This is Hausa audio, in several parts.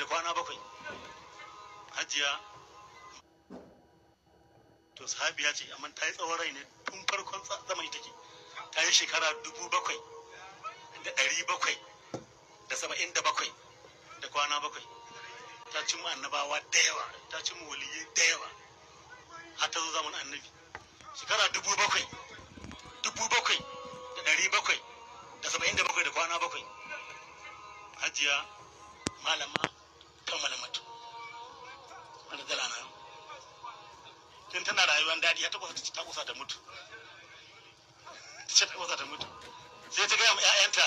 da kwana bakwai hajiya to ya ce amma ta yi tsawon rai ne tun farkon ita ke ta yi shekara dubu bakwai da ɗari bakwai da saba'in da bakwai da kwana bakwai ta ci mu annabawa da yawa ta ci mu waliyai da yawa har ta zo zamanin annabi shekara dubu bakwai dubu bakwai da ɗari bakwai da saba'in da bakwai da kwana bakwai hajiya malama kammala mutu wanda tana nan tun tana rayuwar daɗi har ta kusa ta mutu ta ta kusa ta mutu sai ta gaya ma 'ya'yanta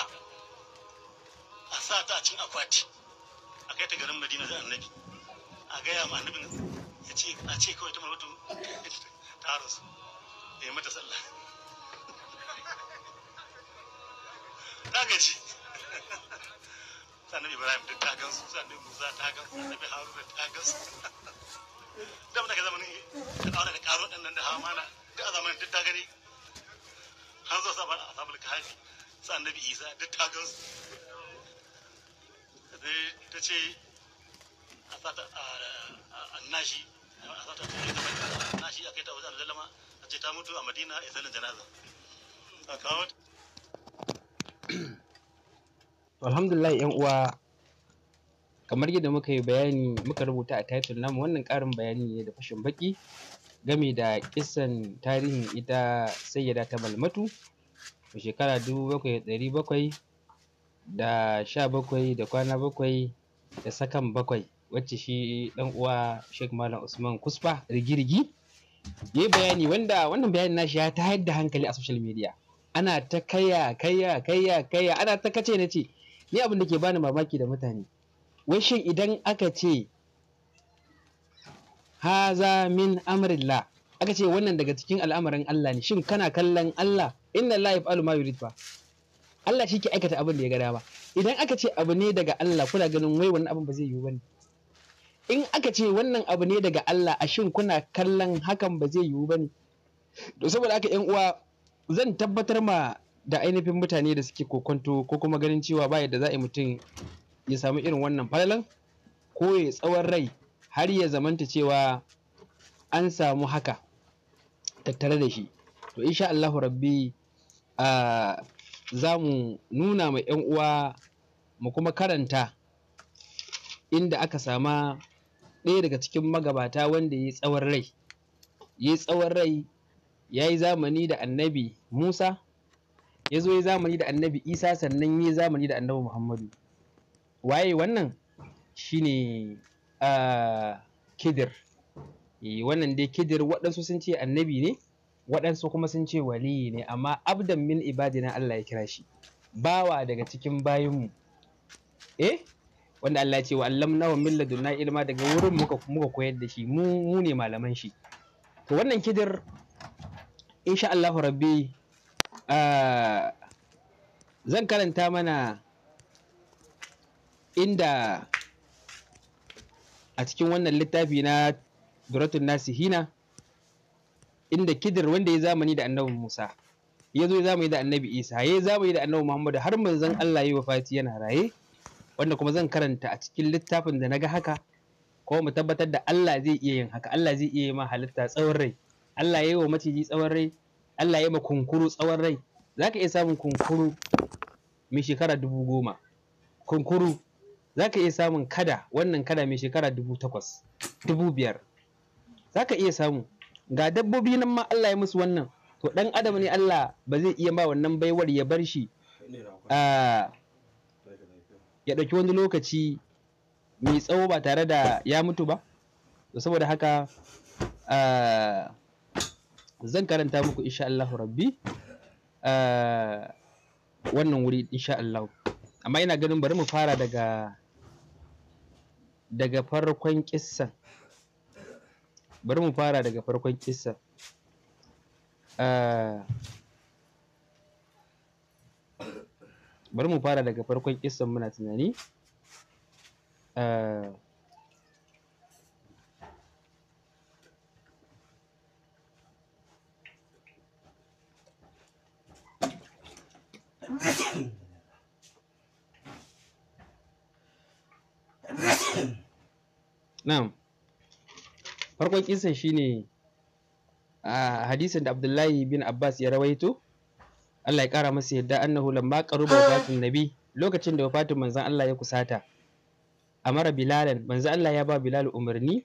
a sa ta cin akwati a kai ta garin madina da annabi a gaya ma annabin ya ce a ce kawai ta malwatu ta harusu ya mata sallah ta gaji annabi ibrahim duk ta gan su annabi musa ta gan su annabi haruna ta gan su da mun ka zamanin da aure da karo dan nan da hamana duk a zamanin duk ta gani har zo sabar asabul kahfi su annabi isa duk ta gan su ta ce a sata a annashi a sata ta yi annashi a kai ta wajen alzalama a ce ta mutu a madina a isalin janaza a kawo alhamdulillah yan uwa kamar yadda muka yi bayani muka rubuta a title namu wannan ƙarin bayani ne da fashin baki game da kisan tarihin ita sayyada ta malmatu a shekara dubu bakwai da ɗari bakwai da sha bakwai da kwana bakwai da sakan bakwai wacce shi ɗan uwa sheikh malam usman kusfa rigirigi ya yi bayani wanda wannan bayanin nashi ya tayar da hankali a social media ana ta kaya kaya kaya kaya ana ta kace na ce ni abin da ke bani mamaki da mutane wai shin idan aka ce haza min amrillah aka ce wannan daga cikin al'amarin Allah ne shin kana kallon Allah inna la yaf'alu ma yurid fa Allah shi ke aikata abin da ya ga dama idan aka ce abu ne daga Allah kuna ganin wai wannan abin ba zai yiwu bane in aka ce wannan abu ne daga Allah a shin kuna kallon hakan ba zai yiwu bane to saboda haka ƴan uwa zan tabbatar ma da ainihin mutane da suke kokonto ko kuma ganin cewa ba yadda za a yi mutum ya samu irin wannan falalan ko ya tsawon rai har ya zamanta cewa an samu haka tattare da shi to insha Allahu rabbi a za mu nuna ma 'yan uwa mu kuma karanta inda aka sama ɗaya daga cikin magabata wanda ya yi tsawon rai ya yi tsawon rai ya yi zamani da annabi musa ya zo ya zamani da annabi isa sannan ya zamani da annabi muhammadu waye wannan shine kidir eh, wannan dai kidir waɗansu sun ce annabi ne waɗansu kuma sun ce waliyi ne amma abdan min ibadina allah ya kira shi bawa daga cikin bayanmu. eh wanda allah ya ce wa allamna wa min ladunna ilma daga wurin muka muka koyar da shi mu mu ne malaman shi to wannan kidir insha allahu rabbi zan karanta mana inda a cikin wannan littafi na duratun nasihina inda kidir wanda ya zamani da annabi musa ya zo ya zamani da annabi isa ya zamani da annabi muhammadu har manzon allah yi wafati yana raye wanda kuma zan karanta a cikin littafin da na ga haka ko mu tabbatar da allah zai iya yin haka allah zai iya yi ma halitta tsawon rai allah ya yi wa maciji tsawon rai Allah ya ma kunkuru tsawon rai za ka iya samun kunkuru mai shekara dubu goma kunkuru za ka iya samun kada wannan kada mai shekara dubu takwas dubu biyar za ka iya samu ga dabbobi nan ma Allah ya musu wannan to dan adam ne Allah ba zai iya ba wannan baiwar ya bar shi ya ɗauki wani lokaci mai tsawo ba tare da ya mutu ba saboda haka zan karanta muku insha Allah rabbi eh, wannan wuri insha Allah amma ina ganin bari mu fara daga daga farkon kissa bari mu fara daga farkon kissan eh, bari mu fara daga farkon kissan muna tunani uh, Na'am. Farkon kisan shine a hadisin da Abdullahi bin Abbas ya rawaito Allah ya kara masa yadda annahu lamma qaruba wafatun nabi lokacin da wafatun manzon Allah ya kusata amara bilalan manzon Allah ya ba bilal umarni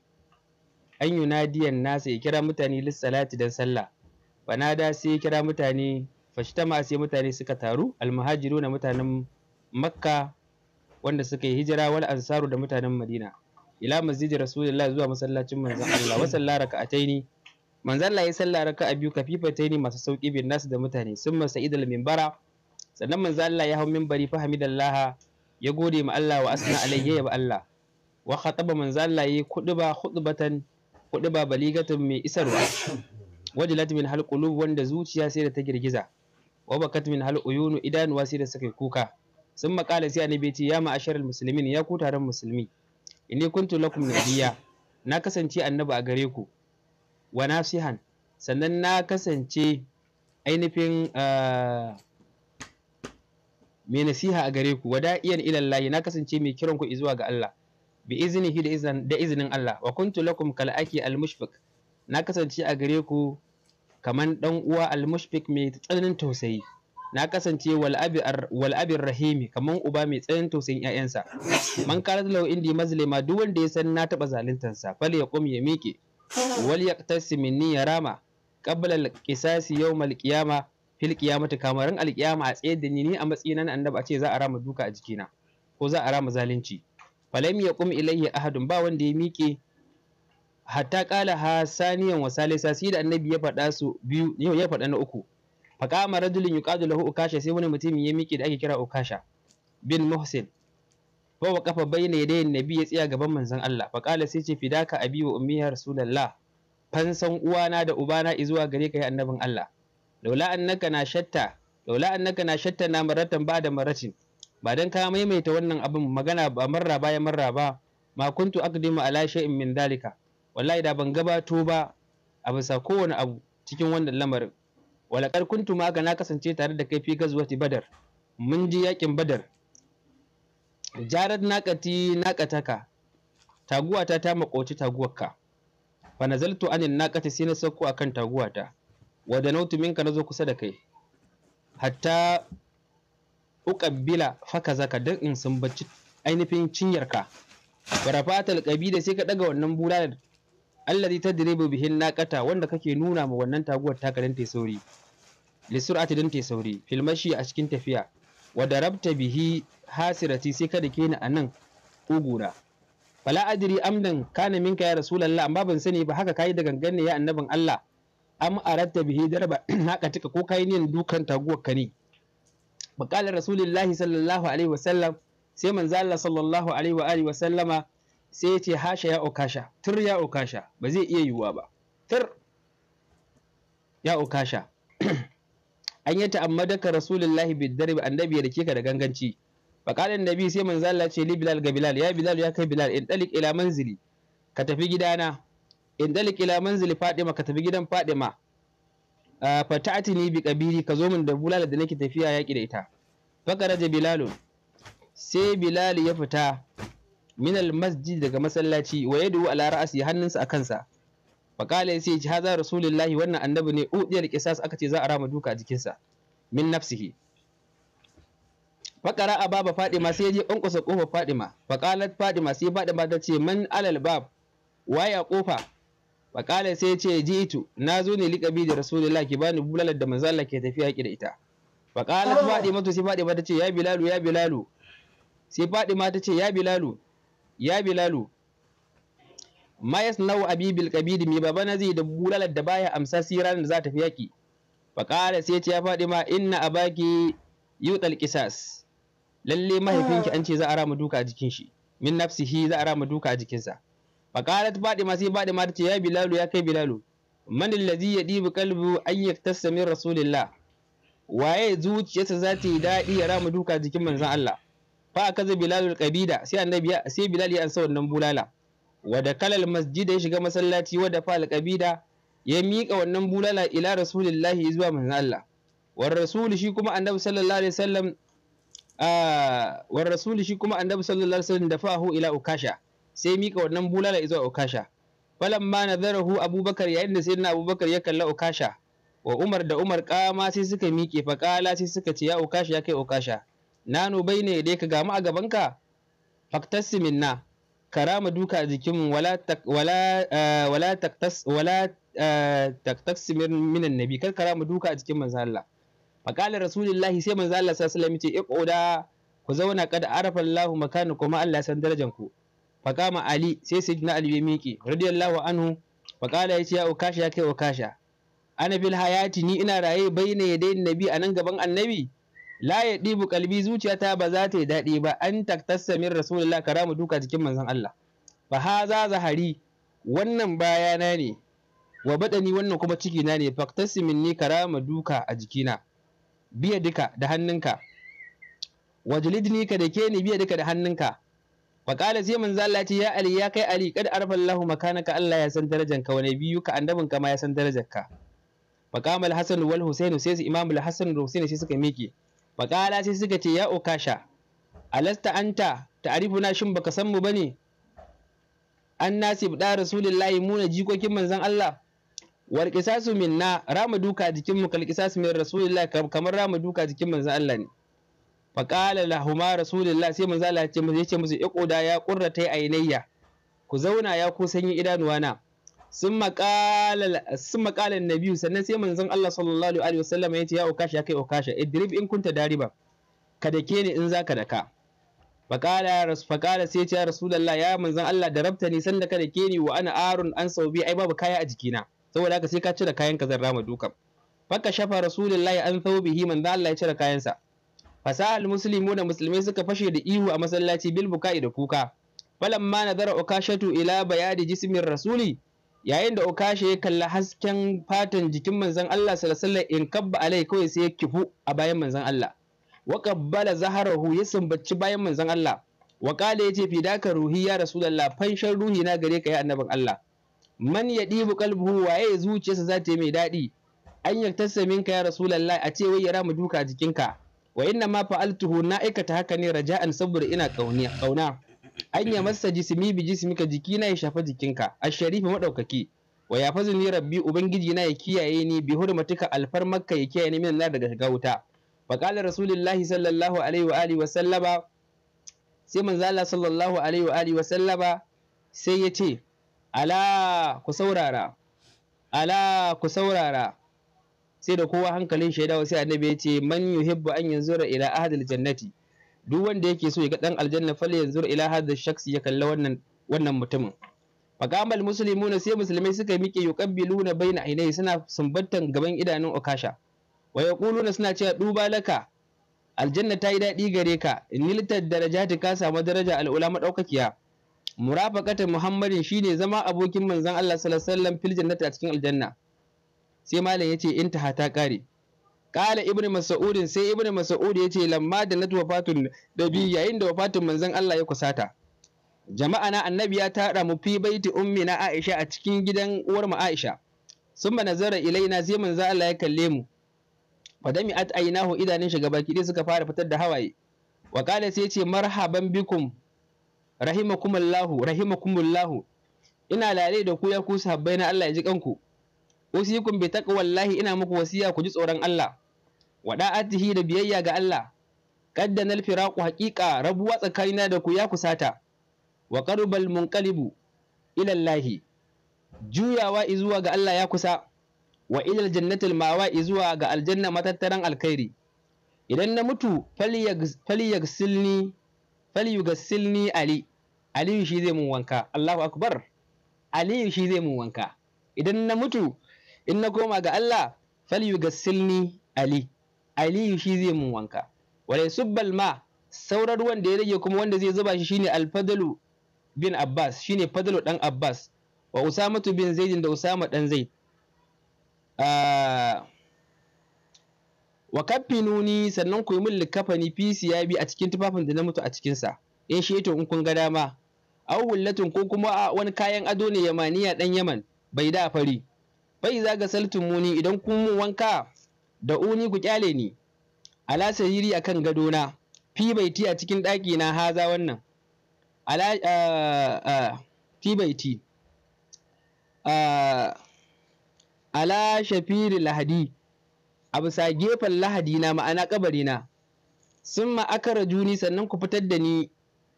an yunadiyan nasa ya kira mutane lissalati dan sallah banada sai ya kira mutane fashtama sai mutane suka taru almuhajiru na mutanen makka wanda suka yi hijira wal ansaru da mutanen madina ila masjid rasulullahi zuwa masallacin manzon Allah wa sallara ataini manzon Allah ya salla raka'a biyu kafifataini masu sauki bin nasu da mutane summa sa'idal minbara sannan manzon Allah ya hau minbari fa hamidallah ya gode ma Allah wa asna alayhi ya ba Allah wa khataba manzon Allah ya kuduba khutbatan kuduba baligatan mai isarwa wajilat min halqulub wanda zuciya sai da ta girgiza wa bakat min hal uyunu idanuwa sai da suka kuka sun makala sai anabi ce ya ma'asharal muslimin ya ku taron musulmi inni kuntu lakum nabiyya na kasance annabi a gare ku wa nasihan sannan na kasance ainihin mai nasiha a gare ku wada iyan ilallahi na kasance mai kiran ku zuwa ga Allah bi iznihi da izinin Allah wa kuntu lakum kal aki al mushfiq na kasance a gare ku kaman dan uwa almushfik mai tsananin tausayi na kasance wal'abin rahimi kamar uba mai tsayin tausayin ƴaƴansa man kana zalau indi mazlima duk wanda ya san na taba zaluntar sa fal yaqum ya miƙe wal yaqtasi minni ya rama qabla al qisasi yawm al qiyama fil qiyamati kamarin al qiyama a tsaye da ni ni a matsayina na annabi a ce za a rama duka a jikina ko za a rama zalunci falam yaqum ilayhi ahadun ba wanda ya miƙe hatta kala ha saniyan wa salisa sai da annabi ya faɗa su biyu yau ya faɗa na uku fa qama rajulun yuqadu lahu ukasha sai wani mutum ya miƙe da ake kira ukasha bin muhsin fa wa kafa bayna yadayi annabi ya tsaya gaban manzon Allah fa qala sai ce fidaka abi wa ummi ya rasulullah fansan uwana da ubana izuwa gare ka ya annabin Allah laula annaka na shatta laula annaka na shatta na maratan ba da maratin ba dan ka maimaita wannan abin magana ba marra bayan marra ba ma kuntu aqdimu ala shay'in min dalika wallahi da ban gabato ba a bisa kowane abu cikin wannan lamarin walakar kuntu ma na kasance tare da kai fi gazwati badar mun ji yakin badar jarar naƙati naƙataka taguwata ta makoci taguwarka fa nazaltu anin naqati sai na sauko akan taguwata wa danautu minka nazo kusa da kai hatta uqabbila faka zaka dan in sumbaci ainihin cinyarka wa rafatal sai ka daga wannan bulalar alladhi tadribu bihi naqata wanda kake nuna ma wannan taguwar ta karanta sauri li sur'ati dan sauri fil mashi a cikin tafiya wa darabta bihi hasirati sai ka dake ni anan kugura fala adri amdan kana minka ya rasulullah amma ban sani ba haka kai da gangan ya annabin Allah am aratta bihi darba naqatika ko kai ne dukan taguwar ka ne bakalar rasulullahi sallallahu alaihi wasallam sai manzo Allah sallallahu alaihi wa alihi wasallama sai ya ce hasha ya okasha tur ya okasha ba zai iya yiwuwa ba tur ya okasha an yi ta'ammadaka rasulullahi bidarbi annabi ya dake ka da ganganci faqalan nabi sai mun zalla ce li bilal ga bilal ya bilal ya kai bilal in dalik ila manzili ka tafi gidana in dalik ila manzili fadima ka tafi gidan fadima fata'atini bi kabiri ka zo min da bulala da nake tafiya yaki da ita fakaraja Bilal. sai bilal ya fita minal masjid daga masallaci wa yadu ala ra'asi hannunsa a kansa faqala yace ji haza rasulullahi wannan annabi ne udiyar qisas aka ce za a rama duka jikinsa min nafsihi faqara a baba fadima sai je kankusa kofar fadima faqalat fadima sai fadima ta ce man alal bab waya kofa faqala sai ce jitu nazo ne liqabi da rasulullahi ki bani bulalar da manzo Allah ke tafiya ki da ita faqalat fadima to sai fadima ta ce ya bilalu ya bilalu sai fadima ta ce ya bilalu ya bilalu ma Nau abi bil qabid mi babana zai da bulalar da baya amsa siran da za ta fi yaki qala sai ce ya faɗi ma inna a baki qisas lalle mahaifinki an ce za a rama duka jikin shi min nafsihi za a rama duka jikin jikinsa fa ta faɗi ma sai fadi ma tace ya bilalu ya kai bilalu man allazi ya ɗiba kalbu an yaktasa rasulillah waye zuciyarsa za ta yi daɗi ya rama duka jikin manzon Allah fa akaza bilalul qabida sai annabi sai bilal ya ansa wannan bulala wa da kalal masjida ya shiga masallaci wa da fal qabida ya miƙa wannan bulala ila rasulullahi zuwa manzon Allah war rasul shi kuma annabi sallallahu alaihi wasallam war rasul shi kuma annabi sallallahu alaihi wasallam da fahu ila ukasha sai miƙa wannan bulala zuwa ukasha ma nadarahu abubakar yayin da sayyidina abubakar ya kalla ukasha wa umar da umar kama sai suka miƙe faƙala sai suka ce ya ukasha ya kai ukasha Na nubai ne dai ka gamu a gabanka faktassi minna karama duka a jikinmu wala wala eh, wala eh, minan nabi kar karama duka a jikin manzan Allah faqala rasulullahi sai manzan Allah sallallahu alaihi ce ce da ku zauna kada arafa Allah makanu kuma Allah san darajanku. ku ali sai sayyidina ali ya miƙe radiyallahu anhu faqala yace ya ukasha ya kai ukasha ana fil hayati ni ina raye bai bayna yadayn nabi nan gaban annabi la ya ɗibu kalbi zuciyata ba za ta yi daɗi ba an taktassa min rasulullah kara mu duka jikin manzon Allah fa haza wannan bayana ne wa baɗani wannan kuma ciki na ne faktasi minni kara mu duka a jikina biya duka da hannunka ni ka da ke ni biya duka da hannunka wa qala sai manzo Allah ce ya ali ya kai ali kad Allahu makanaka Allah ya san darajanka wani biyu ka annabin ka ma ya san darajarka maqamal hasan wal husain sai su al hasan da husain sai suka miƙe faƙala sai suka ce ya okasha alasta anta ta'rifuna shin baka san mu bane an nasib da rasulullahi muna jikokin manzon Allah war qisasu minna rama duka jikin mu kal qisasu min rasulullahi kamar rama duka jikin manzon Allah ne faqala lahuma rasulillah sai manzon Allah ya ce musu iqoda ya qurrata ainayya ku zauna ya ku sanyi idanuwana sun maƙalar nabiyu sannan sai manzon Allah sallallahu alaihi wasallam ya ce ya okasha kai okasha idrib in kunta dariba ka dake ni in zaka daka ka. faƙala sai ce ya rasulullah ya manzon Allah da rabta ne sanda ka ke ni wa ana arun an saubi ai babu kaya a jikina saboda haka sai ka cire kayan ka zan rama dukan faka shafa rasulullahi an thawbihi manzon Allah ya cire kayansa Fasahar muslimu da musulmai suka fashe da ihu a masallaci bil buka'i da kuka falamma nazara ukashatu ila bayadi jismin rasuli yayin da okashe ya kalli hasken fatan jikin manzon Allah sallallahu in kabba alai kawai sai ya kifu a bayan manzon Allah wa qabbala zaharahu ya sumbaci bayan manzon Allah wa qala yace fi ruhi ya rasulullah fanshan ruhi na gare ka ya annabin Allah man yadibu qalbuhu waye zuciyarsa za ta yi mai daɗi an yaktasa minka ya rasulullah a ce wai ya rama duka jikinka wa inna ma fa'altuhu na aikata haka ne raja'an saboda ina kauna anya masa jisimi bi ka jiki na ya shafa jikinka sharifi madaukaki wa ya fazu ni rabbi ubangiji na ya kiyaye ni bi hurmatika makka ya kiyaye ni minan daga shiga wuta fa qala rasulullahi sallallahu alaihi wa alihi wa sallama sai manzo Allah sallallahu alaihi wa alihi wa sallama sai ya ce ala ku saurara ala ku saurara sai da kowa hankalin shaidawa sai annabi ya ce man yuhibbu an yanzura ila ahadil jannati duk wanda yake so ya ga dan aljanna fal yanzur ila hadha shakhs ya kalla wannan wannan mutumin faqamal muslimuna sai musulmai suka miƙe yuqabbiluna baina ainihi suna sumbantan gaban idanun okasha wa yaquluna suna cewa duba laka aljanna ta yi daɗi gare ka niltar darajati ka samu daraja al'ula madaukakiya murafaqata muhammadin shine zama abokin manzon Allah sallallahu alaihi wasallam fil jannati a cikin aljanna sai malam yace ha ta kare Kala Ibn Mas'udin sai Ibn Mas'ud ya ce lamma da natu wafatun dabi yayin da wafatun manzon Allah ya kusata. Jama'a na annabi ya tara mu fi baiti ummi na Aisha a cikin gidan uwar mu Aisha. Sun ba nazara ilaina sai manzon Allah ya kalle mu. Fadami at ainahu idanun shiga baki dai suka fara fitar da hawaye. Wa kala sai ce marhaban bikum rahimakumullahu rahimakumullahu ina lalai da ku ya ku sahabbai na Allah ya ji kanku. Usikum bi taqwallahi ina muku wasiya ku ji tsoron Allah. wa da'atihi da biyayya ga Allah qaddana al-firaqu haqiqa rabuwa tsakanina da ku ya kusata wa qarubal munqalibu ila Allah juyawa izuwa ga Allah ya kusa wa ilal jannatil mawa izuwa ga aljanna matattaran alkhairi idan na mutu falyagsilni falyugassilni ali aliyu shi zai mun wanka Allahu akbar aliyu shi zai mun wanka idan na mutu in na koma ga Allah falyugassilni ali aliyu shi zai mun wanka wala subbal ma sauran ruwan da ya rage kuma wanda zai zuba shi shine alfadalu bin abbas shine fadalu dan abbas wa usamatu bin zaidin da usama dan zaid ah, wa kaffinuni sannan ku yi min likafani fi siyabi a cikin tufafin da na mutu a cikin sa in eh, shi in kun ga dama aw wullatin ko kuma a wani kayan ado ne yamaniya dan yaman bai da fari bai za ga saltun muni idan kun mu wanka da uni ku kyale ni ala sahiri kan gadona fi baiti a cikin ɗaki na haza wannan ala fi baiti ala shafiri lahadi a bisa gefen lahadi na ma'ana kabari na sun ma'akara juni sannan ku fitar da ni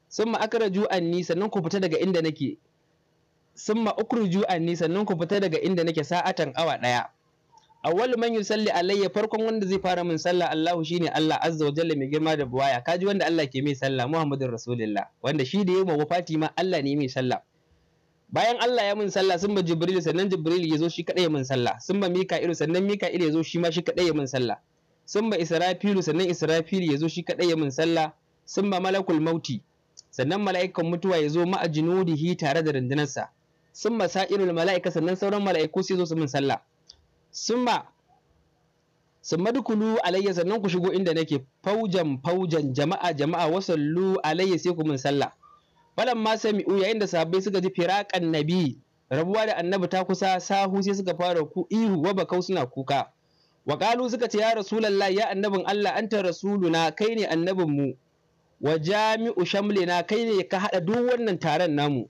sun ma'akara ni sannan ku fita daga inda nake sun ma'ukuru ni sannan ku fita daga inda nake sa'atan awa ɗaya awwalu man yusalli alayya farkon wanda zai fara min sallah Allahu shine Allah azza wa jalla mai girma da buwaya kaji wanda Allah ke mai sallah Muhammadur Rasulullah wanda shi da yawa wafati ma Allah ne mai sallah bayan Allah ya min sallah sun ba Jibril sannan Jibril ya zo shi kadai ya min sallah sun ba Mika'il sannan Mika'il ya zo shi ma shi kadai ya min sallah sun ba Israfilu sannan Israfil ya zo shi kadai ya min sallah sun ba Malakul Mauti sannan mala'ikan mutuwa ya zo ma'a tare da rundunarsa sun ba sa'irul mala'ika sannan sauran mala'iku sai zo su min sallah summa summa dukulu alayya sannan ku shigo inda nake faujan faujan jama'a jama'a wasallu alayya sai ku min sallah falan ma sami'u yayin da sahabbai suka ji firakan nabi rabuwa da annabi ta kusa sahu sai suka fara ku ihu wa bakau suna kuka wa suka ce ya rasulullahi ya annabin Allah anta rasuluna kai ne annabin mu wa jami'u shamlina kai ne ka hada duk wannan taron namu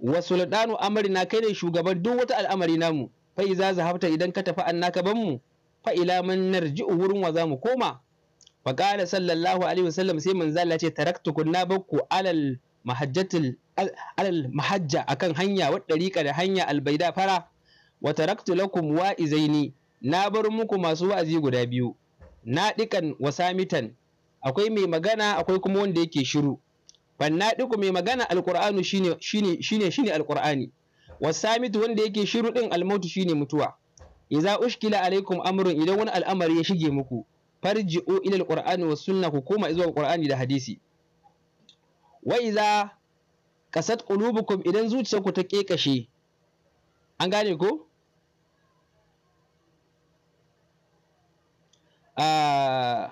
wa sultanu amrina kai ne shugaban duk wata al'amari namu fa iza zahabta idan ka tafi annaka ban mu fa ila man narji'u wurin wa zamu koma fa qala sallallahu alaihi wasallam sai manzo Allah ce taraktukun na bakku alal mahajjatil alal mahajja akan hanya wa dariqa da hanya albaida fara wa taraktu lakum izaini na bar muku masu wa'azi guda biyu naɗikan wa samitan akwai mai magana akwai kuma wanda yake shiru ban naɗiku mai magana alqur'anu shine shine shine shine alqur'ani wasamitu wanda yake shiru din almautu shine mutuwa idza ushkila alaikum amrun idan wani al'amari ya shige muku farji'u ila alqur'ani was sunna ku koma zuwa alqur'ani da hadisi wa idza kasat qulubukum idan zuciyarku ta kekashe an gane ko ah,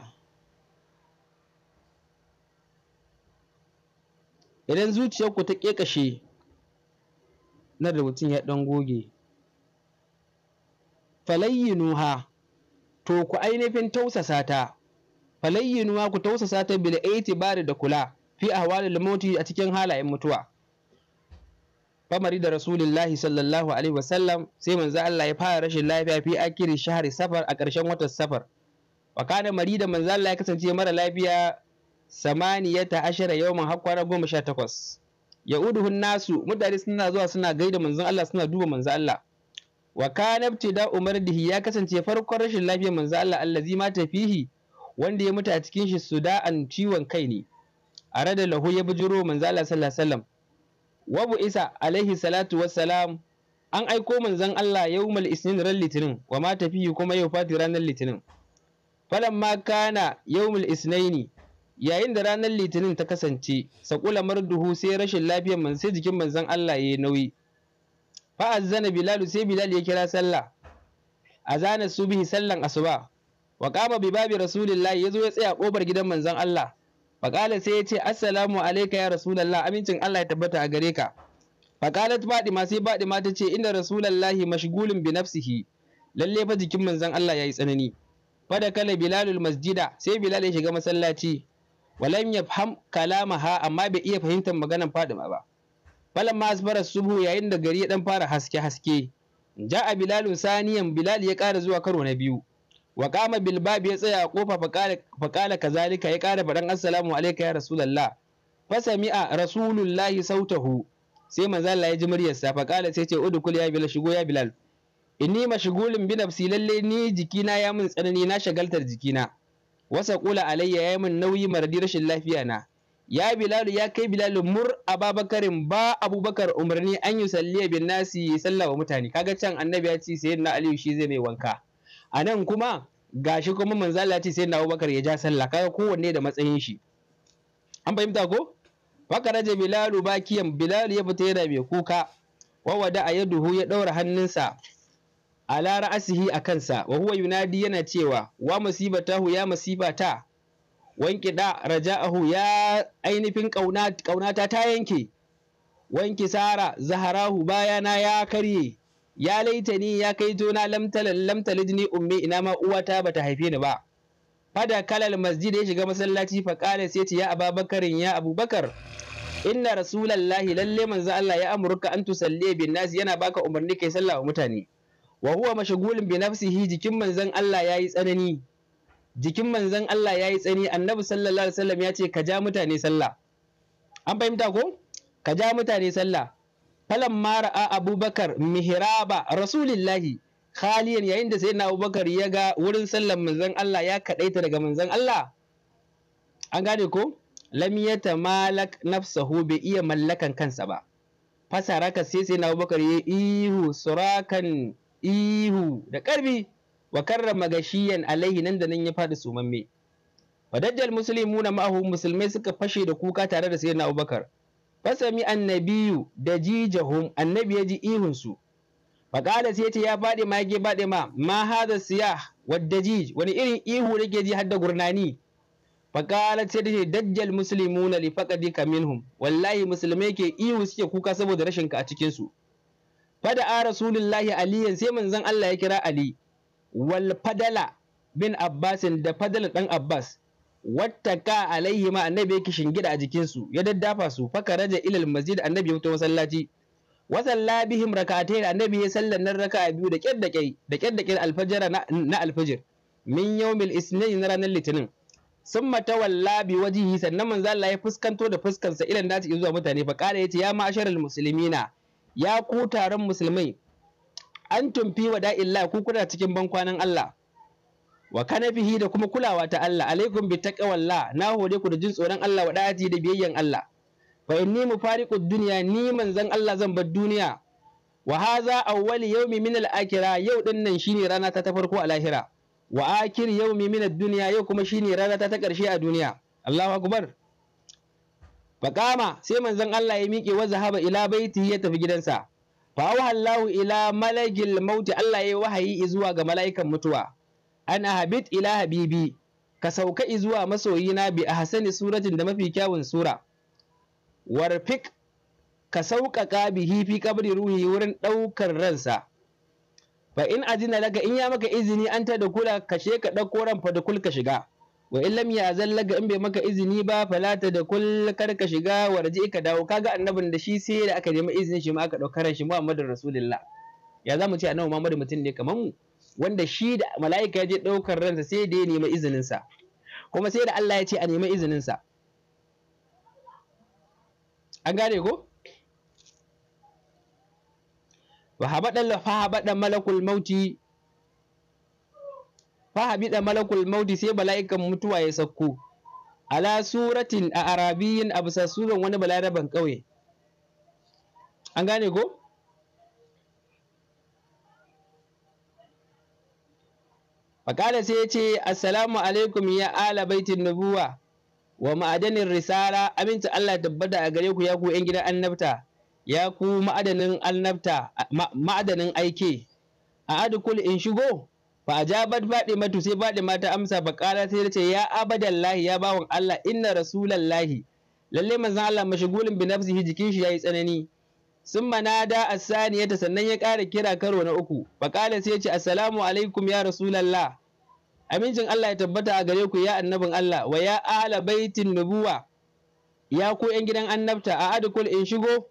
idan zuciyarku ta kekashe na mutum ya ɗan goge falayyinuha to ku ainihin tausasa ta falayyinuha ku tausasa ta bil itibari da kula fi ahwalil mauti a cikin halayen mutuwa famari da rasulullahi sallallahu alaihi wasallam sai manzo Allah ya fara rashin lafiya fi akiri shahar safar a ƙarshen watan safar wa kana mari da manzo Allah ya kasance mara lafiya samaniyata ashara yawman har goma sha takwas hun nasu mutane suna zuwa suna gaida manzon Allah suna duba manzon Allah wa kana ibtida umar dihi ya kasance farkon rashin lafiyar manzon Allah allazi ma tafihi wanda ya mutu a cikin shi suda'an ciwon kai ne Arada lahu ya bujuro manzon Allah sallallahu alaihi wa bu isa alaihi salatu wassalam an aiko manzon Allah yawmal isnin ran litinin wa ma tafihi kuma yau fati ranar litinin falamma kana yawmal isnaini yayin da ranar litinin ta kasance sakulamar duhu sai rashin lafiyar man sai jikin manzon Allah yayi nauyi fa azzana bilal sai bilal ya kira sallah azana subhi sallan asuba wa qama bi babi rasulillahi yazo ya tsaya kobar gidan manzon Allah fa qala sai ya ce assalamu alayka ya rasulullah amincin Allah ya tabbata a gare ka fa qalat fadima sai fadima ta ce inna rasulullahi mashghulun bi nafsihi lalle fa jikin manzon Allah yayi tsanani fa da kala bilalul masjida sai bilal ya shiga masallaci walam yafham kalamaha amma bai iya fahimtar maganar Fadima ba ma asbara subhu yayin da gari ya dan fara haske haske a bilalun saniyan bilal ya ƙara zuwa karo na biyu wa qama bab ya tsaya a kofa fa qala kazalika ya ƙara faɗan assalamu alayka ya rasulullah fa sami'a rasulullahi sautahu sai manzo Allah ya ji muryarsa fa qala sai ce udkul ya bilal shigo ya bilal inni mashghulin bi nafsi lalle ni jikina ya mun tsanani na shagaltar jikina wasa kula alayya ya yi min nauyi maradi rashin lafiya na ya Bilal ya kai Bilal mur ababakarin ba abubakar umarni an yi salliya bin nasi sallah wa mutane kaga can annabi ya ce na aliyu shi zai mai wanka anan kuma gashi kuma manzala ya ce na abubakar ya ja sallah kaga kowanne da matsayin shi an fahimta ko fakaraje bilal bakiyan Bilal ya fita yana mai kuka wawada a yaduhu ya ɗaura hannunsa ala ra'asihi a kansa wa huwa yunadi yana cewa wa masibatahu ya masibata wanki da raja'ahu ya ainihin kaunata ta yanke wanki sara zaharahu bayana ya karye ya laitani ya kai tona jini ummi ina ma uwata bata haife ni ba fada kalal masjid ya shiga masallaci faƙala sai ce ya ababakarin ya abubakar inna rasulallahi lalle manzo Allah ya amurka an tusalle bin nasi yana baka umarni kai sallah wa mutane wa huwa mashghulun bi nafsihi jikin manzon Allah yayi tsanani jikin manzon Allah yayi tsani annabi sallallahu alaihi wasallam ya ce ka ja mutane sallah an fahimta ko ka ja mutane sallah falan a abubakar mihraba rasulillahi khaliyan yayin da sayyidina abubakar ya ga wurin sallan manzon Allah ya kadaita daga manzon Allah an gane ko lam malak nafsahu bai iya mallakan kansa ba fasaraka sai sayyidina abubakar ya ihu surakan ihu da ƙarfi wa karra magashiyan alaihi nan da nan ya faɗi sumamme fadajjal muslimu na ma'ahu musulmai suka fashe da kuka tare da sayyidina abubakar fasami annabiyu da jijahum annabi ya ji ihunsu faƙada sai ce ya faɗi ma ya faɗi ma ma haza siya wadda ji wani irin ihu da ke ji har da gurnani faƙala sai ta ce dajjal muslimuna li faqadika minhum wallahi musulmai ke ihu suke kuka saboda rashin ka a cikinsu. su fada a rasulullahi aliyan sai manzon Allah ya kira ali wal fadala bin abbasin da fadala dan abbas wattaka alaihi ma annabi yake shingida a jikinsu ya daddafa su faka raja ilal masjid annabi ya fito masallaci wasalla bihim rakatain annabi ya sallan nan raka'a biyu da kyar da kyar da kyar da kyar alfajara na alfajir min yawmil isnai na ranar litinin summa tawalla bi wajihi sannan manzo Allah ya fuskanto da fuskansa ilan da ta zuwa mutane fa ya yace ya ma'asharal muslimina ya ku taron musulmai an tumfi wa illa ku kuna cikin bankwanan Allah wa kanafihi da kuma kulawa ta Allah alaikum bi taqwallah na hore ku da jin tsoron Allah wa da'ati da biyayyan Allah fa inni mufariqu dunya ni manzon Allah zan bar duniya wa hadha awwal yawmi min al-akhirah yau din nan shine rana ta ta farko a lahira wa akhir yawmi min ad-dunya yau kuma shine rana ta ta karshe a duniya Allahu akbar Faƙama sai manzon Allah ya miƙe wa zahaba ila baiti ya tafi gidansa. Fa Allahu ila malagil mauti Allah ya wahayi zuwa ga mala'ikan mutuwa. An habit ila habibi ka sauka izuwa masoyina bi a suratin da mafi kyawun sura. Warfik ka sauƙaƙa bihi fi kabri ruhi wurin ɗaukar ransa. Fa in ajina laka in ya maka izini an ta da kula kashe ka ɗauko ran fa da kulka shiga. wa in lam yazal laga in bai maka izini ba falata da kul kar ka shiga warji ka dawo kaga annabin da shi sai da aka nemi izinin shi ma aka daukar shi Muhammadu Rasulullah ya zamu ce annabi Muhammadu mutum ne kaman mu wanda shi da mala'ika ya je daukar ransa sai da ya nemi izinin sa kuma sai da Allah ya ce a nemi izinin sa an gane ko wa habadan la fa habadan malakul mauti fa malakul mauti sai bala'ikan mutuwa ya sauko ala suratin a arabiyin a bisa suran wani balaraban ƙauye an gane ko faƙala sai ya ce assalamu alaikum ya ala baitin nubuwa wa ma'adanin risala aminci allah tabbata a gare ku ya ku yan gidan annabta ya ku ma'adanin ma'adanin aike a adukul in shigo fa faɗi matu sai ma ta amsa ba sai ta ce ya abadallahi ya bawon Allah inna rasulallahi lalle manzon Allah mashgulin bi nafsihi jikin shi yayi tsanani sun mana manada asaniyata sannan ya ƙara kira karo na uku faƙala sai ya ce assalamu alaikum ya rasulallah amincin Allah ya tabbata a gare ku ya annabin Allah wa ya ahla baitin nubuwa ya ku yan gidan annabta a adkul in shigo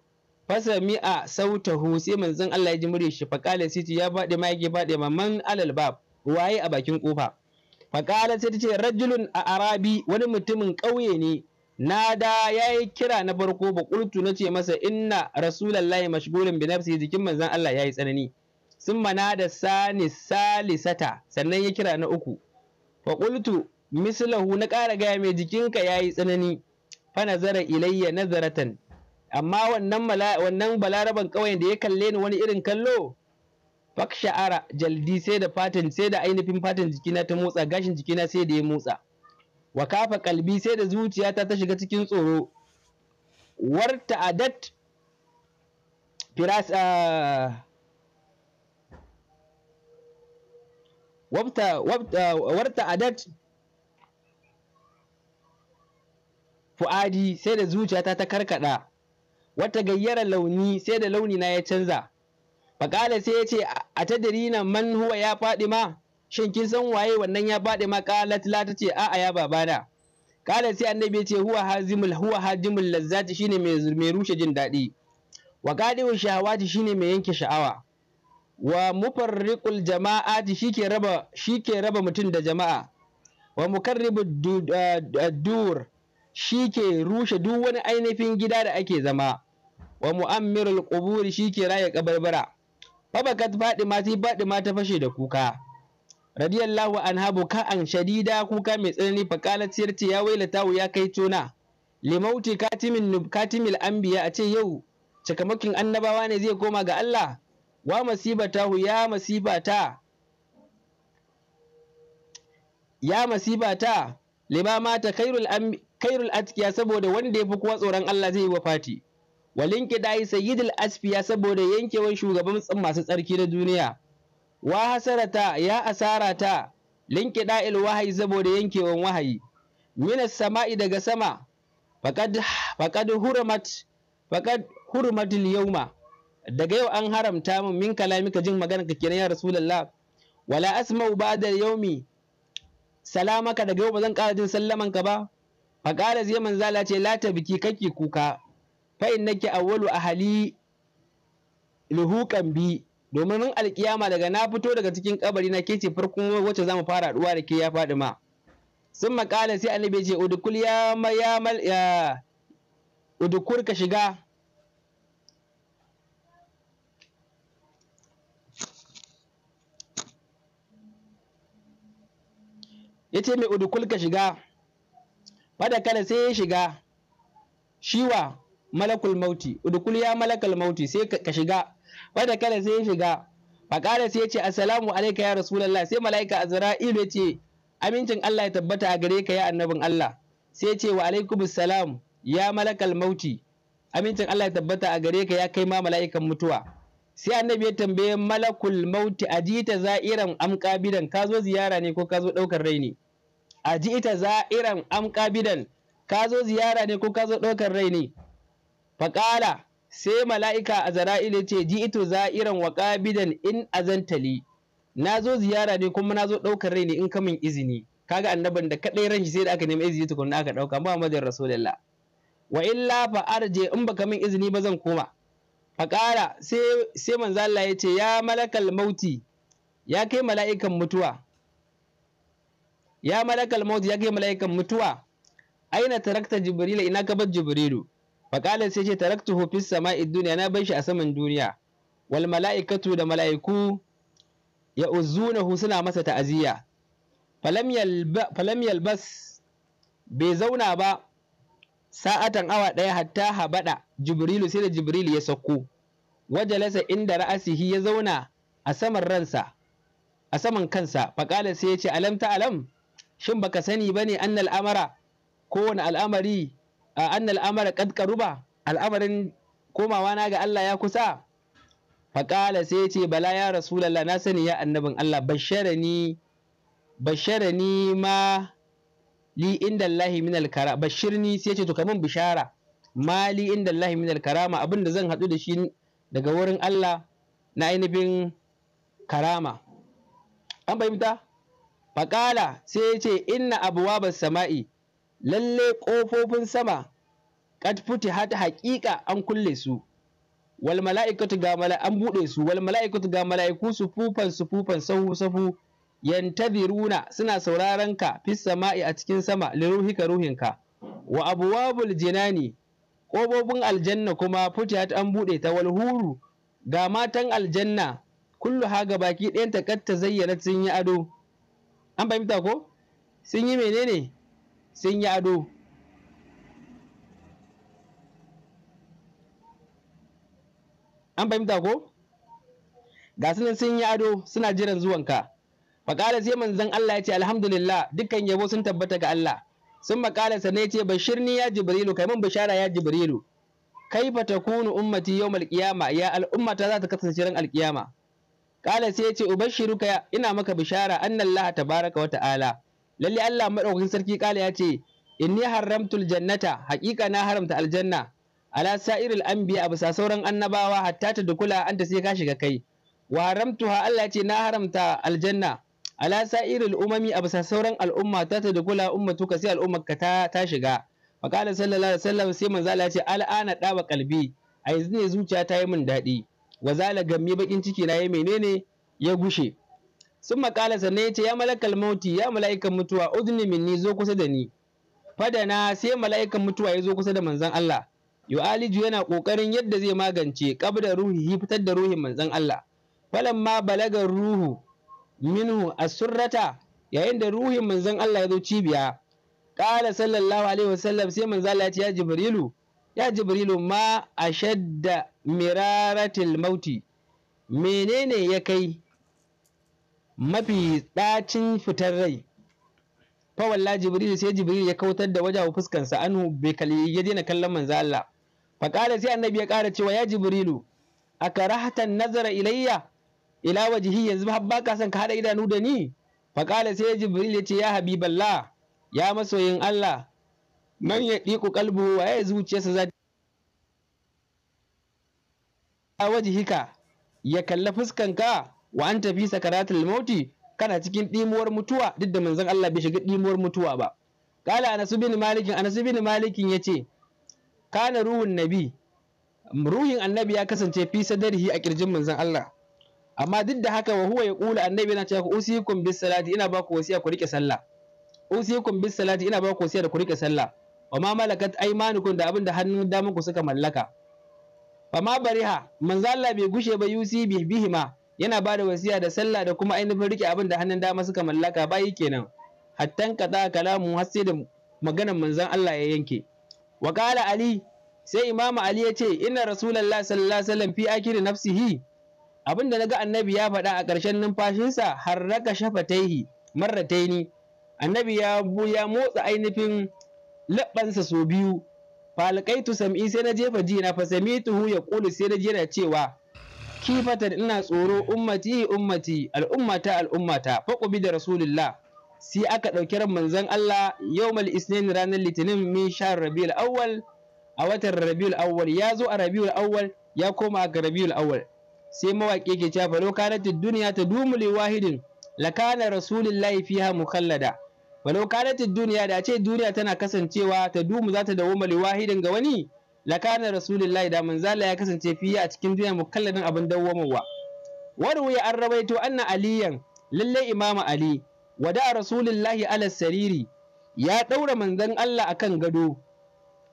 fasami a sautahu sai manzon Allah ya ji murya shi faƙala sai ya faɗi ma yake faɗi ma man alal bab waye a bakin kofa faƙala sai ta ce rajulun a arabi wani mutumin ƙauye ne na da ya yi kira na farko ba ƙultu na ce masa inna rasulallahi mashgulin bi nafsi jikin manzan Allah ya yi tsanani sun mana da sani salisata sannan ya kira na uku fa ƙultu mislahu na ƙara gaya mai jikinka ya yi tsanani fa nazara ilayya nazaratan amma wannan wannan balaraban ƙauyen da ya kalle ni wani irin kallo fak sha'ara jaldi sai da fatan sai da ainihin fatan jikina ta motsa gashin jikina sai da ya motsa wa kafa kalbi sai da zuciyata ta shiga cikin tsoro war ta'adat firas wabta war ta'adat fu'adi sai da zuciyata ta karkada wata gayyara launi sai da launi na ya canza faƙala sai ya ce a tadirina man huwa ya faɗi ma shin kin san waye wannan ya faɗi ma ƙalat la ta ce a'a ya babana ƙala sai annabi ya ce huwa hazimul huwa hajimul lazzati shine mai rushe jin daɗi wa qadiu shahawati shine mai yanke sha'awa wa mufarriqul jama'ati shike raba shike raba mutum da jama'a wa mukarribu dur shike rushe duk wani ainihin gida da ake zama wa mu'ammirul quburi shike raye kabarbara fabakat fadima sai fadima ta fashe da kuka radiyallahu anha buka'an shadida kuka mai tsanani faqalat sirti ya wailata ya kai tona limauti katimin katimil anbiya a ce yau cakamakin annabawa ne zai koma ga Allah wa hu ya masibata ya masibata lima mata khairul atkiya saboda wanda ya fi kowa tsoron Allah zai yi wa Fati. walin kidai sayyidul asfiya saboda yankewar shugaban masu tsarki na duniya wa hasarata ya asarata Linke il wahayi saboda yankewan wahayi Mina sama'i daga sama faqad faqad hurmat faqad hurmat yawma daga yau an haramta min min ka jin magana ka kenan ya rasulullah wala asma'u ba'da yawmi salamaka daga yau ba zan ƙara jin sallaman ka ba faqala zai manzala ce la tabiki kake kuka fa innaki awwalu hali luhuqan bi domin nan alkiyama daga na fito daga cikin kabari na ke ce farkon wacce zamu fara haduwa da ke ya faɗi ma sun makala sai annabi ya ce udkul ya ma ya udkur ka shiga ya ce mai udkul ka shiga fada kala sai ya shiga shiwa malakul mauti udkul ya malakal mauti sai ka shiga wanda kala sai ya shiga faqala sai ya ce assalamu alayka ya rasulullah sai malaika azra'il ya ce amincin Allah ya tabbata a gare ka ya annabin Allah sai ya ce wa alaikumus salam ya malakal mauti amincin Allah ya tabbata a gare ka ya kai ma mala'ikan mutuwa sai annabi ya tambaye malakul mauti ajita za'iran am qabidan ka zo ziyara ne ko ka zo daukar rai ne ajita za'iran am ka zo ziyara ne ko ka zo daukar rai ne faƙala sai mala'ika a zara'il ce ji ito za'iran wa ƙabidan in azantali na zo ziyara ne kuma na zo ɗaukar rai ne in kamin izini kaga annaban da kaɗai ran shi sai da aka nemi izini tukunna aka ɗauka muhammadin rasulullah wa illa fa arje in baka min izini ba zan koma faƙara sai manzo Allah ya ce ya malakal mauti ya kai mala'ikan mutuwa ya malakal mauti ya kai mala'ikan mutuwa aina tarakta jibrila ina ka bar jibrilu faƙala sai ce taraktuhu fis sama'i duniya na bai shi a saman duniya wal mala'ikatu da mala'iku ya uzunahu suna masa ta'aziyya falam yalbas bai zauna ba sa'atan awa ɗaya hatta habada jibrilu sai da jibrilu ya sauko wajalasa inda ra'asihi ya zauna a saman ransa a saman kansa faƙala sai ya ce alam ta alam shin baka sani ne annal amara kowane al'amari a annal amara kad karuba al'amarin komawa na ga Allah ya kusa faƙala sai ce bala ya rasulallah na sani ya annabin Allah basharani basharani ma li inda Allah min alkara bashirni sai ce to kaman bishara ma li inda Allah min alkarama abin da zan haɗu da shi daga wurin Allah na ainihin karama an fahimta faƙala sai ce inna abwabas sama'i lalle ƙofofin sama fiti hata haƙiƙa an kulle su wal mala'ikatu ga mala an buɗe su wal mala'ikatu ga mala'iku su fufan sahu sahu yantadhiruna suna sauraron ka fis sama'i a cikin sama li ruhika ruhinka wa abwabul jinani ƙofofin aljanna kuma hata an buɗe ta wal huru ga matan aljanna kullu ha ga baki ɗayan ta zayyana sun yi ado an fahimta ko sun yi menene sun yi ado an fahimta ko ga nan sun yi ado suna jiran zuwanka faƙala sai manzon Allah ya ce alhamdulillah dukkan yabo sun tabbata ga Allah sun maƙala sa ne ce bashirni ya jibrilu kai min bishara ya jibrilu Kai kaifa kunu ummati yawmal qiyama ya al'ummata za ta kasance ran alqiyama qala sai ya ce ubashiruka ina maka bishara annallaha Allah tabaraka wa ta'ala lalle Allah madaukakin sarki kala ya ce inni haramtul jannata haƙiƙa na haramta aljanna ala sa'iril anbiya bisa sauran annabawa hatta ta dukula anta sai ka shiga kai wa haramtuha Allah ya ce na haramta aljanna ala sa'iril umami a bisa sauran al'umma ta ta dukula ummatuka sai al'ummarka ta ta shiga faqala sallallahu alaihi wasallam sai manzo Allah ya ce al'ana daba kalbi a yanzu ne zuciya ta yi min daɗi wa zala gammi bakin ciki na yi menene ya gushe sun makala sannan ya ce ya malakal mauti ya mala'ikan mutuwa udni minni zo kusa da ni fadana sai mala'ikan mutuwa ya zo kusa da manzon Allah yu'aliju yana ƙoƙarin yadda zai magance qabda ya fitar da ruhin manzon Allah falamma balagar ruhu minhu a asurrata yayin da ruhin manzon Allah ya zo cibiya qala sallallahu alaihi wasallam sai manzon Allah ya ce ya jibrilu ya jibrilu ma ashadda miraratil mauti menene ya kai mafi ɗacin fitar rai fawalla jibril sai jibril ya kautar da wajen fuskansa anu bai kalli ya daina kallon manzo Allah fa kala sai annabi ya kara cewa ya jibrilu akarahta nazara ilayya ila wajhi yanzu ba baka son ka hada idanu da ni fa kala sai jibril ya ce ya habiballah ya masoyin Allah man ya diku kalbu wa ya zuciyarsa za a wajhika ya kalla fuskanka wa an tafi sakaratul mauti kana cikin dimuwar mutuwa duk da manzon Allah bai shiga dimuwar mutuwa ba kala anas bin malikin anas bin malikin yace kana ruhun nabi ruhin annabi ya kasance fi sadarihi a kirjin manzon Allah amma duk da haka wa huwa ya kula annabi yana cewa usikum bis salati ina baku wasiya ku rike sallah usikum bis salati ina baku wasiya da ku rike sallah wa ma malakat aymanukum da abin da hannun damanku suka mallaka fa ma bariha manzo Allah bai gushe ba yusi bihima yana ba da wasiya da sallah da kuma ainihin rike abin da hannun dama suka mallaka bayi kenan hattan kaza kalamu har sai da maganar manzon Allah ya yanke wa qala ali sai imamu ali ya ce inna rasulullahi sallallahu alaihi wasallam fi akiri nafsihi abin da naga annabi ya faɗa a ƙarshen numfashinsa har raka shafataihi marrataini annabi ya ya motsa ainihin labbansa sau biyu falqaitu sam'i sai na jefa ji na fasamituhu ya yaqulu sai na ji yana cewa kifatan ina tsoro ummati ummati al'ummata al'ummata faƙubi da rasulullah sai aka ɗauki ran manzon Allah yawmal isnin ranar litinin min shahr rabiul awwal a watan rabiul awwal ya zo a rabiul awwal ya koma ga rabiul awwal sai mawaƙi ke cewa falau kanatid dunya ta li wahidin lakana rasulillahi fiha mukhallada falau kanatid dunya da ce duniya tana kasancewa ta tadumu zata dawo wahidin ga wani lakana rasulullahi da manzala ya kasance fiye a cikin duniya mukalladin abin dawwamawa wani ya an rawaito anna aliyan lallai imama ali wada rasulullahi ala sariri ya ɗaura manzan Allah akan gado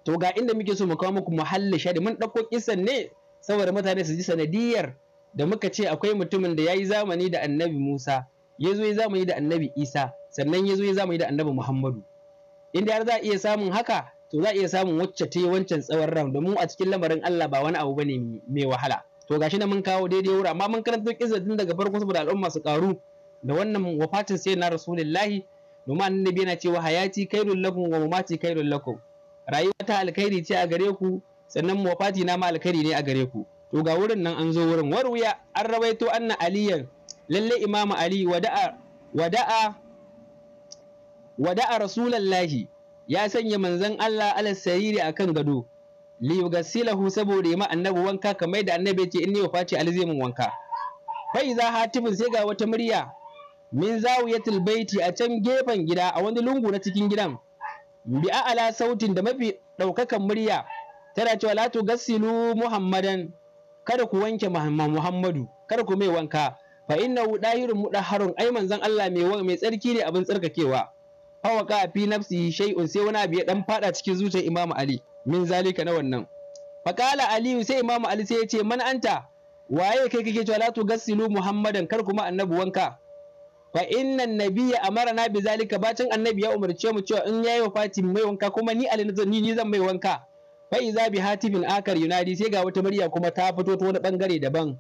to ga inda muke so mu kawo muku muhalli shari mun dauko kisan ne saboda mutane su ji sanadiyar da muka ce akwai mutumin da ya yi zamani da annabi Musa yazo zo zamani da annabi Isa sannan yazo zo zamani da annabi Muhammadu inda har za a iya samun haka to za a iya samun wacce ta yi wancan tsawon ran, domin a cikin lamarin Allah ba wani abu bane mai wahala to gashi na mun kawo daidai wuri amma mun karanta kisa tun daga farko saboda al'umma su karu da wannan wafatin sai na rasulullahi domin annabi yana cewa hayati kairul lakum wa mamati kairul lakum rayuwa ta alkhairi ce a gare ku sannan wafati na ma alkhairi ne a gare ku to ga wurin nan an zo wurin warwiya an rawaito anna aliyan lalle imamu ali wada'a wada'a wada'a rasulullahi ya sanya manzon Allah alal sariri kan gado li yughsilahu saboda ya ma annabi wanka kamar da annabi ya ce inni wa fati alzimin wanka fa iza hatifin sai ga wata murya min zawiyatul baiti a can gefen gida a wani lungu na cikin gidan bi ala sautin da mafi ɗaukakan murya tana cewa la tugassilu muhammadan kada ku wanke muhammadu kada ku mai wanka fa innahu dahirun mudaharun ai manzon Allah mai mai tsarki ne abin tsarkakewa ka fi nafsi shay'un sai wani abu ya dan fada cikin zuciyar Imam Ali min zalika na wannan faqala Ali sai Imam Ali sai ya ce man anta waye kai kake cewa la tugassilu Muhammadan kar kuma annabi wanka fa inna nabiyya amarna bi zalika bacin annabi ya umarce mu cewa in yayi wafati mai wanka kuma ni Ali ni ni zan mai wanka fa iza bi hatifin akar yunadi sai ga wata murya kuma ta fito ta wani bangare daban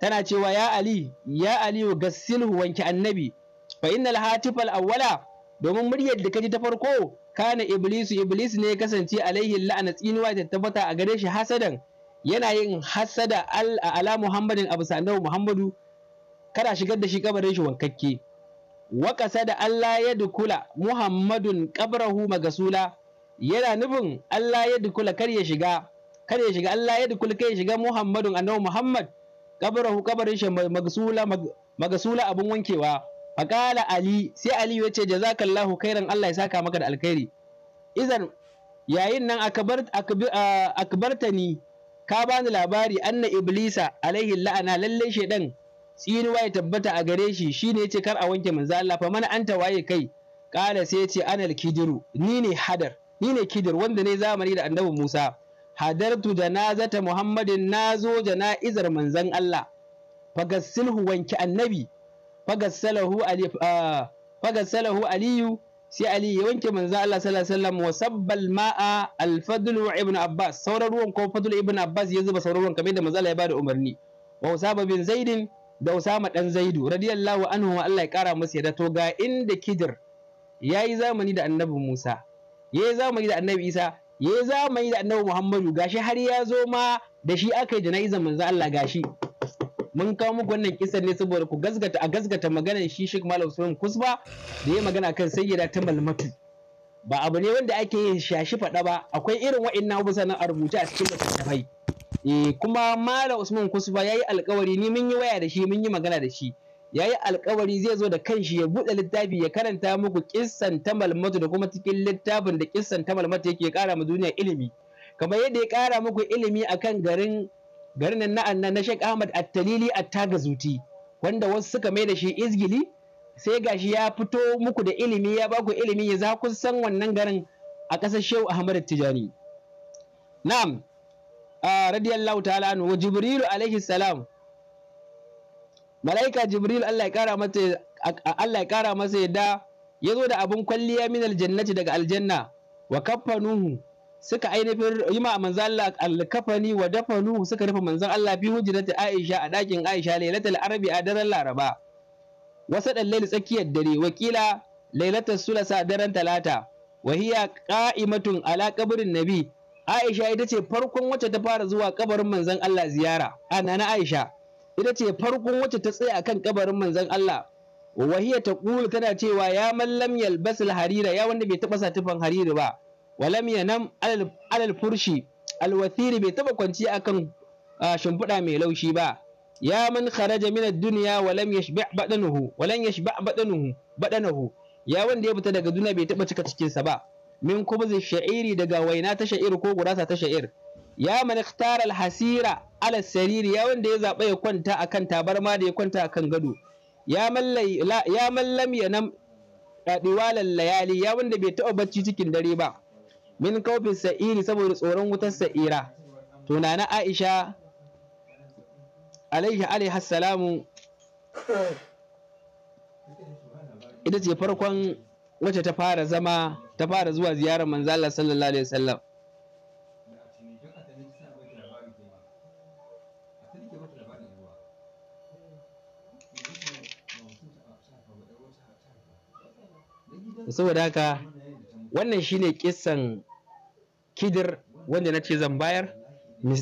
tana cewa ya Ali ya Ali gassilu wanki annabi fa innal hatifal awwala domin muryar da ka ji ta farko kana iblisu iblis ne ya kasance alaihi la'ana tsinuwa ta tabbata a gare shi hasadan yana yin hasada ala muhammadin abu sanau muhammadu kada shigar da shi kabarin shi wankakke wa da Allah ya dukula muhammadun kabrahu magasula yana nufin Allah ya dukula kar ya shiga kar ya shiga Allah ya dukula kar ya shiga muhammadun annabi muhammad kabrahu kabarin shi magasula magasula abun wankewa faƙala ali sai ali ya ce jazakallahu khairan Allah ya saka maka da alkhairi idan yayin nan akabarta ni ka bani labari anna iblisa alaihi la'ana lalle shedan tsinuwa ya tabbata a gare shi shine yace kar a wanke manzo Allah fa mana anta waye kai kala sai yace anal kidiru ni ne hadar ni ne kidir wanda ne zamani da annabi Musa hadartu janazata muhammadin nazo jana'izar manzon Allah fagasilhu wanki annabi fagassalahu ah, Salahu aliyu sai ali ya wanke manzan Allah sallallahu alaihi wasallam wa sabbal ma'a al-fadl ibn abbas sauran ruwan ko fadl ibn abbas ya zuba sauran ruwan kamar da manzo Allah ya bada umarni wa usama bin zaidin da usama dan zaidu radiyallahu anhu Allah ya kara masa yadda to ga inda kidir yayi zamani da annabi Musa yayi zamani da annabi Isa yayi zamani da annabi Muhammadu gashi har ya zo ma da shi aka yi jana'izan manzo Allah gashi mun kawo muku wannan kisan ne saboda ku gazgata a gazgata maganar shi Sheikh Malam Usman Kusba da ya magana kan sayyida ta malmatu ba abu ne wanda ake yin shashi faɗa ba akwai irin wa'annan abu sanan a rubuce a cikin littattafai eh kuma Malam Usman Kusba yayi alƙawari ni mun yi waya da shi mun yi magana da shi yayi alƙawari zai zo da kanshi ya buɗe littafi ya karanta muku kissan ta malmatu da kuma cikin littafin da kissan ta malmatu yake ƙara ma duniya ilimi kamar yadda ya ƙara muku ilimi akan garin garin nan na annan na Sheikh Ahmad At-Talili At-Tagazuti wanda wasu suka mai da shi izgili sai gashi ya fito muku da ilimi ya baku ilimi ya za ku san wannan garin a ƙasar Shehu Ahmad Tijani na'am ah, radiyallahu ta'ala anhu Jibrilu alaihi salam malaika Jibril Allah ya kara masa Allah ya kara masa yadda ya zo da abin kwalliya min aljannati daga aljanna wa kaffanuhu suka ainihin yi ma manzan Allah alkafani wa dafanu suka rufe manzan Allah fi hujjata Aisha a ɗakin Aisha lailatul arabi a daren Laraba wasa dallai tsakiyar dare wakila lailatul sulasa daren talata wahiya qa'imatun ala qabrin nabi Aisha ita ce farkon wacce ta fara zuwa kabarin manzan Allah ziyara ana na Aisha ita ce farkon wacce ta tsaya akan kabarin manzan Allah wahiya taqulu tana cewa ya man lam yalbasul harira ya wanda bai taba sa tufan hariri ba walam yanam alal furshi alwathiri bai taba kwanciya akan ah, shimfiɗa mai laushi ba ya man kharaja min ad-dunya walam yashba' badanuhu yashba' badanuhu badanahu ya wanda ya fita daga duniya bai taba cika cikin sa ba min kubzi sha'iri daga waina ta sha'ir ko gurasa ta sha'ir ya man ikhtara al-hasira ala sariri ya wanda ya zaba ya kwanta akan tabarma da ya kwanta akan gado ya man ya man lam yanam ah, diwalal layali ya wanda bai taba bacci cikin dare ba min kaufin sa'iri saboda tsoron wutar sa'ira to na aisha alaihi alaihi salamu ita ce farkon wacce ta fara zama ta fara zuwa ziyarar manzala sallallahu alaihi wasallam saboda haka wannan shine kissan kidir wanda na ce zan bayar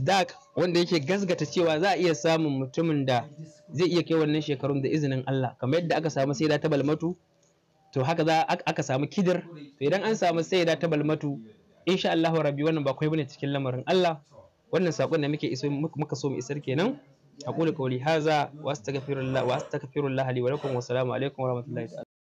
Dark wanda yake gasgata cewa za a iya samun mutumin da zai iya kai wannan shekarun da izinin Allah kamar yadda aka samu saida ta balmatu to haka za aka samu kidir to idan an samu saida ta balmatu insha Allah rabbi wannan ba kai bane cikin lamarin Allah wannan sakon da muke iso muka so mu isar kenan aqulu qawli hadha wa astaghfirullah wa astaghfirullah li wa lakum wa assalamu alaikum wa rahmatullahi